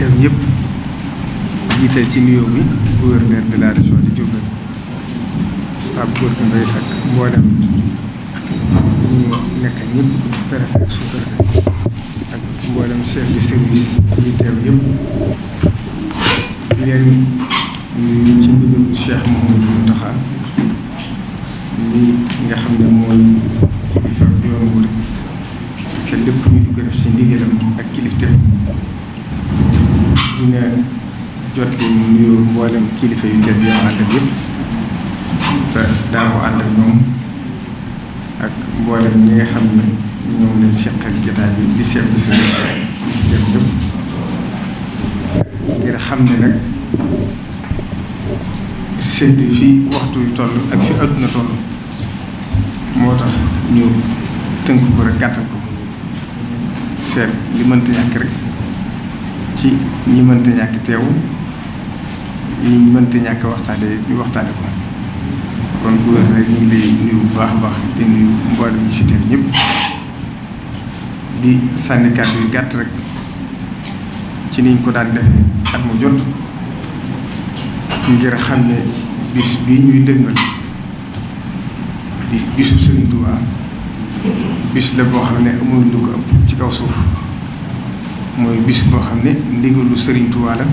teew ñëpp jiital ci nuyoo bi gouverneur de la région de Diourbel Pape Gorgui Mbaye ak mboolem ñu nekk ñëpp préfet ak sous-préfet ak mboolem chef de service yi teew yëpp di leen nuyu ci ndigalu Cheikh Mouhamadou Mountakha mi nga xam ne mooy kilifa yoonu wër te lépp ñu di ko ci ndigalam ak kilifte dina jot li mu nuyoo mboolem kilifa yu tedd yi mu ànd ak yëpp daa ko ànd ak ñoom ak mboolem ñi nga xam ne ñoom lañ seq ak jotaay bi di seetlu si ñoom ngir xam ne rek sédd fi waxtu yu ak fi àdduna toll moo tax ñu tënk ko rek gàttal ko seet li mënta rek. ci ñi mënta ñàkk teew yi mënta ñàkk waxtaane ñu waxtaane ko kon gouverneur ñu ngi lay nuyu bu baax baax di nuyu mboolem ñi fi teew di sànni kàddu yu gàtt rek ci niñ ko daan defee at mu jot ngir xam ne bis bi ñuy dëngal di bisu Sëriñ Tuubaa bis la boo xam ne amul lu ko ëpp ci kaw suuf mooy bis boo xam ne ndigalu lu Tuubaa la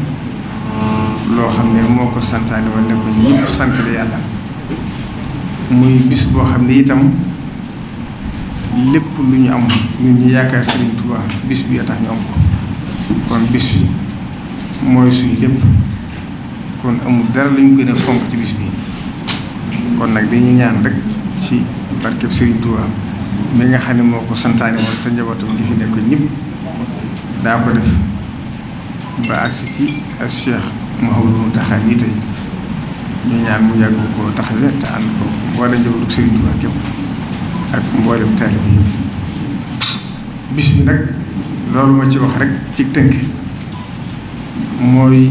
loo xam ne moo ko santaane woon ne ko ñëpp yàlla muy bis boo xam ne itam lépp lu ñu am ñun ñu yaakaar Sëriñ bis bi tax ñu am ko kon bis bi mooy suy lépp kon amul dara lañu gën a fonk ci bis bi kon nag dañuy ñaan rek ci barkeb Sëriñ Tuubaa mi nga xam ne moo ko santaane woon te njabootam gi fi nekk ñëpp. daa ko def ba agsi ci ak Cheikh Mouhamadou Mountakha nii tey ñu ñaan mu yàgg koo taxawe te ànd ko mboolem njabootu Sëriñ Tuubaa képp ak mboolem taalibe bi bis bi nag loolu ma ci wax rek ci tënk mooy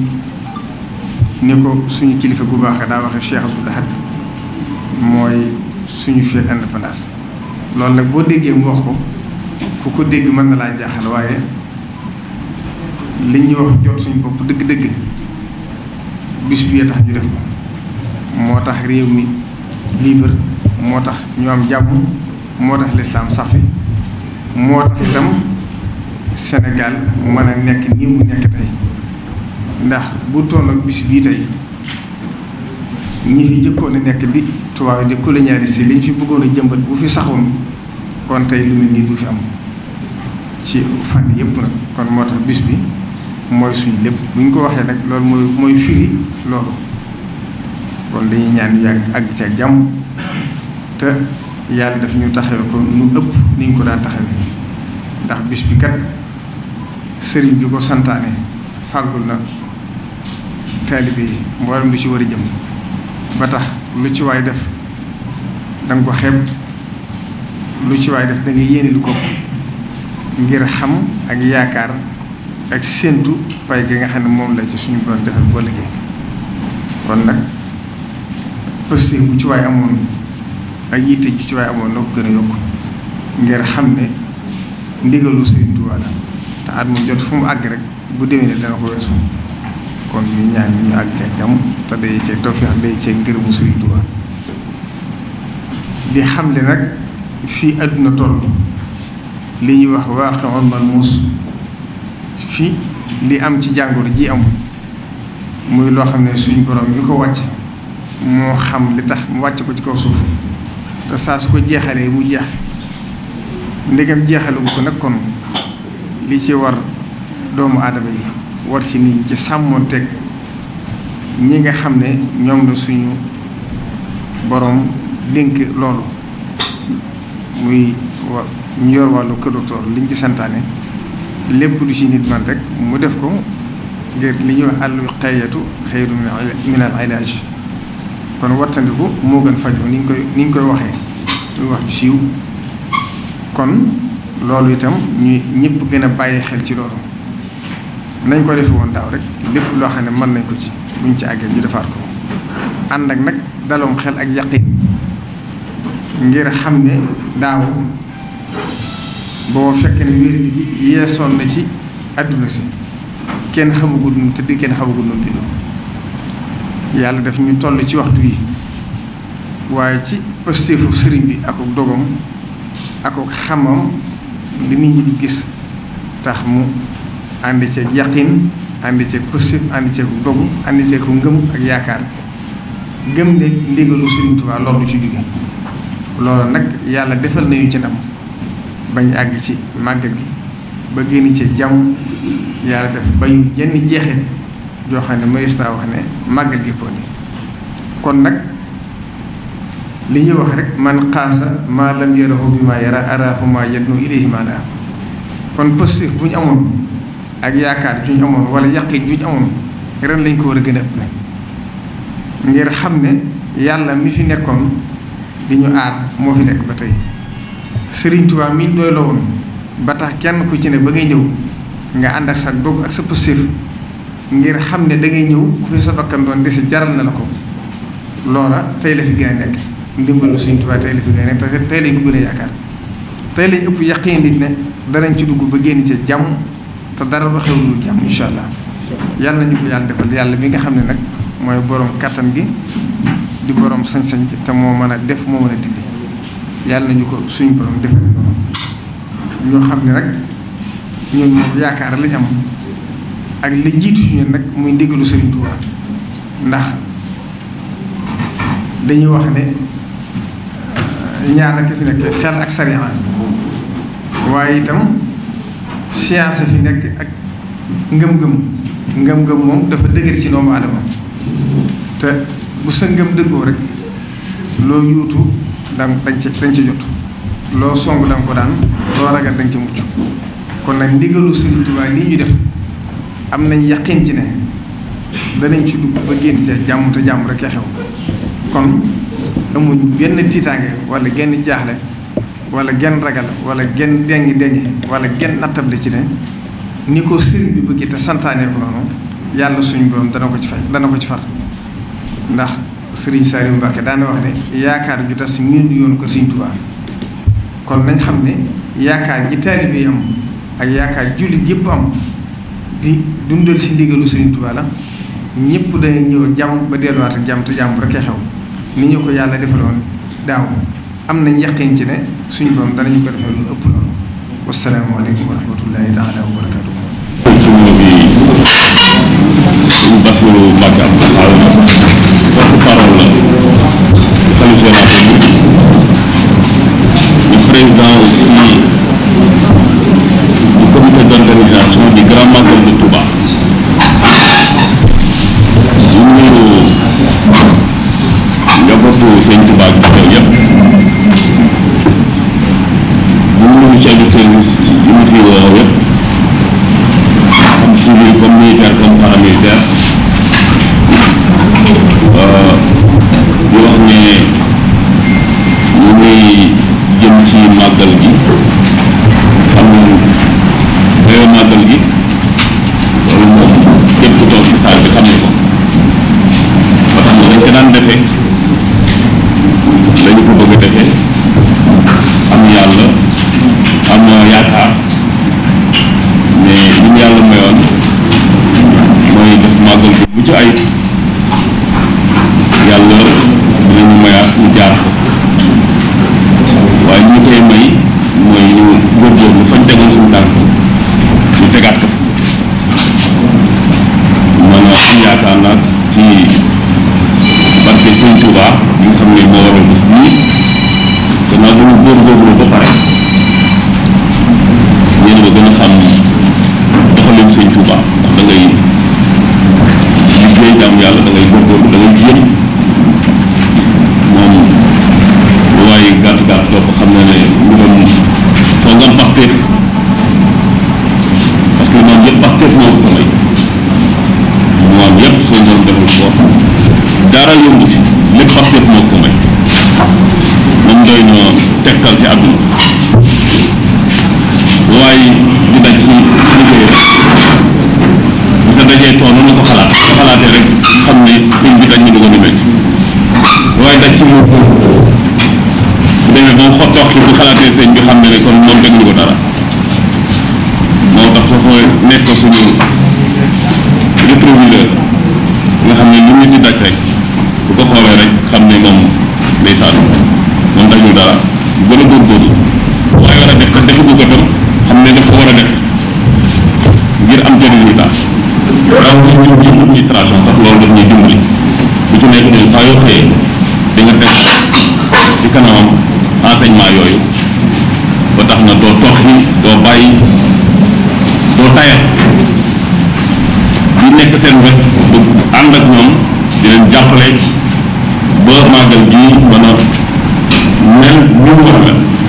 ni ko suñu kilifa gu baax daa waxe Cheikh bu Ahad mooy suñu fête indépendance loolu nag boo déggee mu wax ko ku ko dégg mën na laa jaaxal waaye li ñuy wax jot suñu bopp dëgg-dëgg bis bi tax ñu def moo tax réew mi libre moo tax ñu am jàmm moo tax lislaam sax fi moo tax itam Sénégal mën a nekk nii mu nekk tey ndax bu toon ak bis bi tey ñi fi jëkkoon a nekk di tubaab yi di colonialiste liñ fi bëggoon a jëmbat bu fi saxoon kon tey lu mel nii du fi am ci fànn yëpp nag kon moo tax bis bi mooy suñu lépp bu ñu ko waxee nag loolu mooy mooy firi loolu kon dañuy ñaan yàgg ak ca jàmm te yàlla daf ñu taxawe ko nu ëpp ni ñu ko daan taxawe ndax bis bi kat sëriñ bi ko santaane fàggul na taalibe yi mboolem lu ci war a jëm ba tax lu ci waay def danga ko xeeb lu ci waay def da nga yéene lu ko ngir xam ak yaakaar ak séentu pay gi nga xam ne moom la ci suñu borom defal boo liggéey kon nag pëste bu ci waay amoon ak yitte ju ci amoon na ko gën a yokk ngir xam ne ndigalu Sëriñ Tuubaa te at mu jot fu mu àgg rek bu demee ne dana ko weesu kon ñu ñaan ñu àgg ca te day cee tawfeex day cee ngërëmu Sëriñ di xam ne nag fii àdduna toll li ñuy wax waaxoon man muus fi li am ci jàngoro ji amul muy loo xam ne suñu borom bi ko wàcc moo xam li tax mu wàcce ko ci kaw suuf te saa su ko jeexalee mu jeex ndegam jeexalugu ko nekkoon li ci war doomu aadama yi war ci nit ci sàmmoon teg ñi nga xam ne ñoom la suñu boroom dénk loolu muy ñu yor wàllu kër docteur liñ ci santaane lépp lu ci nit man rek mu def ko ngir li ñuy wax àllu xayyatu xayru min al ilaaj kon wattandiku moo gën fajoo ni ñu koy ni ñu koy waxee wax ju siiw kon loolu itam ñuy ñëpp gën a bàyyi xel ci loolu nañ ko defe woon daaw rek lépp loo xam ne mën nañ ko ci buñ ci àggee ñu defaat ko ànd ak nag daloom xel ak yaqin ngir xam ne daaw boo fekk ne wéridi gi yeesoon na ci àdduna si kenn xamagul nu tëdd kenn xamagul nu dindoo yàlla daf ñu toll ci waxtu yi waaye ci pëstéefu sëriñ bi ak ak dogam ak ak xamam li nit ñi di gis tax mu ànd ceeg yaqin ànd ceeg pëstéef ànd ceeg dogu ànd ceeg ngëm ak yaakaar gëm ne ndigalu sëriñ Tuubaa loolu ci jóge loolu nag yàlla defal nañu ci ndam bañ àgg ci màggal gi ba génn ci jàmm yàlla def ba ñu jenn jeexit joo xam ne magistrat wax ne màggal gi ko ni kon nag li ñuy wax rek man xaasa maa lam yarahu bi maa yara araahu maa yadnu ilayhi maa laa kon positif bu ñu amoon ak yaakaar ju ñu amoon wala yaqit ju ñu amoon ren lañ ko war a gën a ëpp ngir xam ne yàlla mi fi nekkoon di ñu aar moo fi nekk ba tey Serigne tubaab mi doy la ba tax kenn ku ci ne ba ngay ñëw nga ànd ak sa dog ak sa positif ngir xam ne da ngay ñëw ku fi sa bakkan doon desi jaral na la ko loola tey la fi gën a nekk ndimbalu Serigne Touba tey la fi gën a nekk te tey la ko gën a yaakaar tey lañ ëpp yaqin nit ne danañ ci dugg ba génn ca jàmm te dara ba xew lu jàmm incha allah yàlla nañu ko yàlla defal yàlla bi nga xam ne nag mooy borom kattan gi di borom sañ-sañ te moo mën a def moo mën a dindi. yàlla nañu ko suñu borom def ñoo xam ne rek ñun moom yaakaar lañ am ak la jiitu ñun nag muy ndigalu Sëriñ Tuuba ndax dañu wax ne euh, ñaar rek fi nekk xel ak sariya waaye itam science fi nekk ak ngëm-ngëm ngëm-ngëm moom dafa dëgër ci noomu aadama te bu sa ngëm dëggoo rek loo yuutu daan dañ ci dañ ci jot loo song danga ko daan loo ragal dañ ci mucc kon nag ndigalu Sëriñ Tuubaa lii ñu def am nañ yaqin ci ne danañ ci dugg ba génn ca jàmm te jàmm rek a xew kon amuñ benn tiitaange wala genn jaaxle wala genn ragal wala genn dengi dengi wala genn nattable ci ne ni ko sëriñ bi bëggee te santaanee ko noonu yàlla suñu borom dana ko ci fay dana ko ci far ndax sëriñ Saliou Mbacke daana wax ne yaakaar ju tas ñun yoon ko sëriñ Tuubaa kon nañ xam ne yaakaar ji taalibe yi am ak yaakaar jullit yëpp am di dundal si ndigalu sëriñ Tuubaa la ñëpp dañuy ñëw jàmm ba delluwaat jàmm te jàmm rek xew ni ñu ko yàlla defaloon daaw am nañ yaqin ci ne suñu doom danañu ko defal lu ëpp loolu wasalaamaaleykum wa rahmatullahi vend aussi du comité d'organisation du Grand Magal de Touba ñu ngi njabootu Sëñ Touba Pastef parce que ñoom yëpp Pastef moo ko may ñoom yëpp soo ñoom deful ko dara yomb si lépp Pastef moo ko may moom doy na tegtal si àdduna waaye di daj ci liggéey bi sa dajee tool na ko xalaat xalaatee rek xam ne sëñ bi daj ñu dugg a demee waaye demee ba mu xottox ki bu xalaatee sëñ bi xam ne ne kon moom déglu ko dara moo tax foofu nekk suñu rétroviseur nga xam ne lu nit ñi daj rek bu ko xoolee rek xam ne moom seen wet bu ànd ak ñoom leen jàppale ba màggal gii mën a mel ni mu war